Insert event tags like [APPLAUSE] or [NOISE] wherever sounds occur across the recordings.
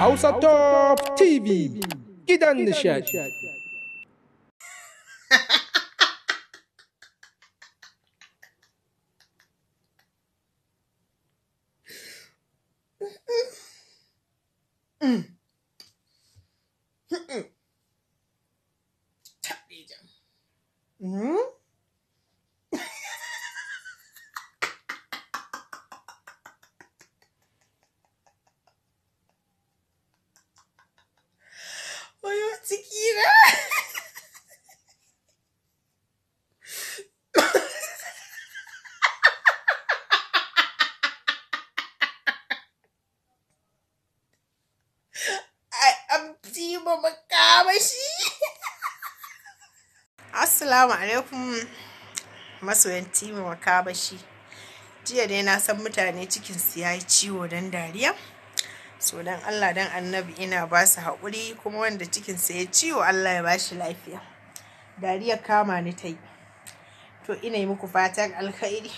House of Top TV. Get on the shot. Top DJ. [LAUGHS] hmm kuma makamashi assalamu alaikum masoyan timi makabashi jiya dai na san mutane cikin ya yi ciwo dan dariya so don allah dan annabi ina ba su haƙuri kuma wanda cikinsa ya ciwo allah ya ba shi lafiya dariya kama ni ta yi to ina yi muku fatan alkhairi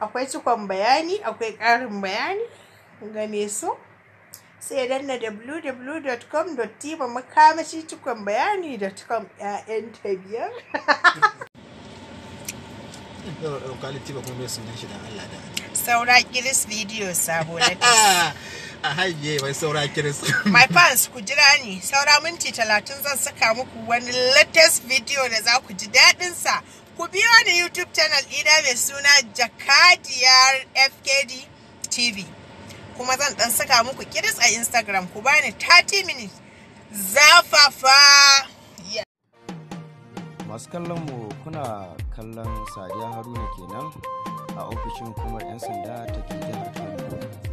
akwai cikon bayani akwai ƙarin bayani game so sai danna da bayani.com ‘ya'yan ta biyar. Saura Kiris video sabo na [LAUGHS] A haiye mai saura Kiris. [LAUGHS] My fans ku jira ni saura minti talatin zan saka muku wani latest video da za ku ji sa Ku biyo ni YouTube channel ida mai suna Jakadiyar FKD TV. kuma zan dan saka muku kiris a instagram ku bani 30 minutes zafafa masu kallon mu kuna kallon sadiya haruna kenan a ofishin kuma 'yan sanda ta ke jihar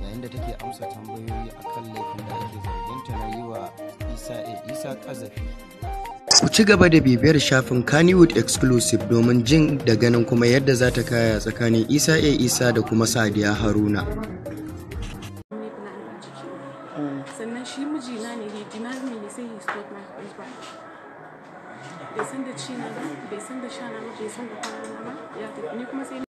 yayin da take amsa tambayoyi akan laifin da ake zargin ta na yi wa isa a eh, isa kazafi ku ci gaba da bibiyar shafin Kannywood exclusive domin jin da ganin kuma yadda za ta kaya tsakanin Isa A eh, Isa da kuma Sadiya Haruna. sannan shi mijina ne he denied me he say he stole my husband bai san da ci na ba bai san da sha na ba bai san da kwana na ba ya tafi ni kuma sai